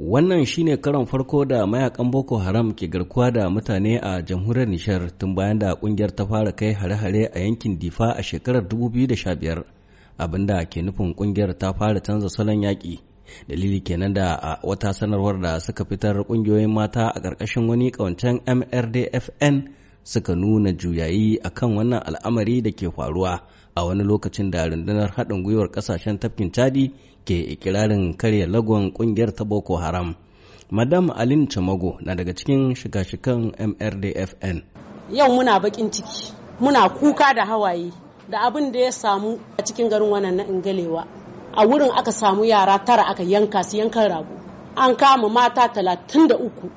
Wannan shine karon farko da mayakan Boko Haram ke garkuwa da mutane a jamhuriyar Nishar tun bayan da kungiyar ta fara kai hare-hare a yankin Difa a shekarar 2015, abinda ke nufin kungiyar ta fara canza salon yaƙi. Dalili kenan da a wata sanarwar da suka fitar kungiyoyin mata a ƙarƙashin wani ƙawancen MRDFN suka nuna juyayi a kan wannan al'amari da ke faruwa a wani lokacin da rundunar haɗin gwiwar ƙasashen tafkin Chadi ke ikirarin karya lagon ƙungiyar ta Boko Haram. Madam Alin Chamago na daga cikin shika-shikan MRDFN. Yau muna baƙin ciki, muna kuka da hawaye da abin da ya samu a cikin garin wannan na Ingalewa. A wurin aka samu yara tara aka yanka su yankan rago. An kama mata talatin da uku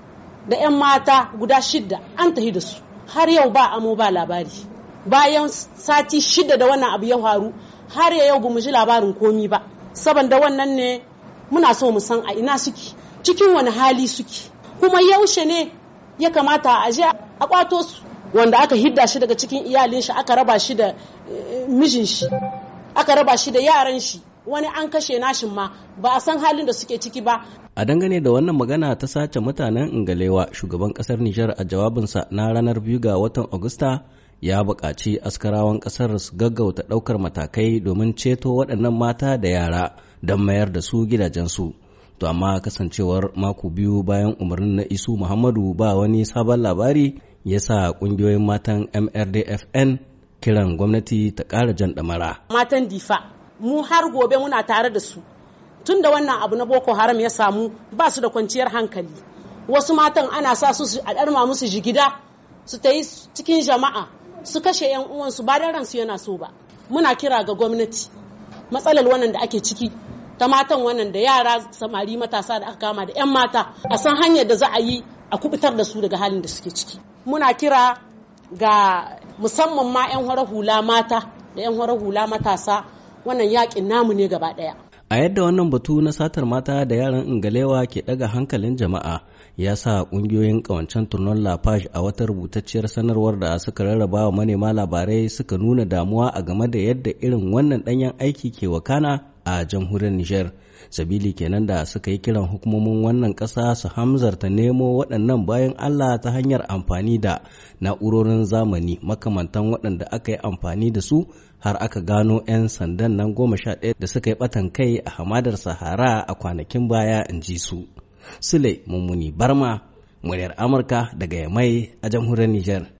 da 'yan mata guda shida an tahi da su. har yau ba amo ba labari bayan sati shida da wannan abu ya faru har yau bamu ji labarin komi ba saboda wannan ne muna so mu san a ina suke cikin wani hali suke kuma yaushe ne ya kamata a je a kwato su wanda aka hidda shi daga cikin iyalin shi aka raba shi da eh, mijin shi aka raba shi da yaran shi wani an kashe nashin ma ba a san halin da suke ciki ba. A dangane da wannan magana ta sace mutanen Ingalewa shugaban kasar Nijar a jawabinsa na ranar biyu ga watan Agusta ya buƙaci askarawan ƙasar su gaggauta ɗaukar matakai domin ceto waɗannan mata da yara don mayar da su gidajensu. To amma kasancewar mako biyu bayan umarnin na Isu Muhammadu ba wani sabon labari ya sa ƙungiyoyin matan MRDFN kiran gwamnati ta ƙara jan ɗamara. Matan difa mu har gobe muna tare da su tun da wannan abu na boko haram ya samu ba su da kwanciyar hankali wasu matan ana sa su a ɗarma musu jigida su ta yi cikin jama'a su kashe 'yan uwansu ba da ransu yana so ba muna kira ga gwamnati matsalar wannan da ake ciki ta matan wannan da yara samari matasa da aka kama da 'yan mata a san hanyar da za a yi a kubutar da su daga halin da suke ciki muna kira ga musamman ma 'yan hula mata da 'yan hula matasa wannan yakin namu ne gaba daya a yadda wannan batu na satar mata da yaran ingalewa ke daga hankalin jama'a ya sa kungiyoyin kawancen turnon lafash a wata rubutacciyar sanarwar da suka rarraba wa manema labarai suka nuna damuwa a game da yadda irin wannan ɗanyen aiki ke wakana a jamhuriyar Nijar. Sabili kenan da suka yi kiran hukumomin wannan ƙasa su hamzarta nemo waɗannan bayan Allah ta hanyar amfani da na'urorin zamani makamantan waɗanda aka yi amfani da su har aka gano 'yan sandan nan goma sha ɗaya da suka yi ɓatan kai a hamadar Sahara a kwanakin baya in ji su. Sule Mummuni Barma, muryar Amurka daga Yamai a jamhuriyar Nijar.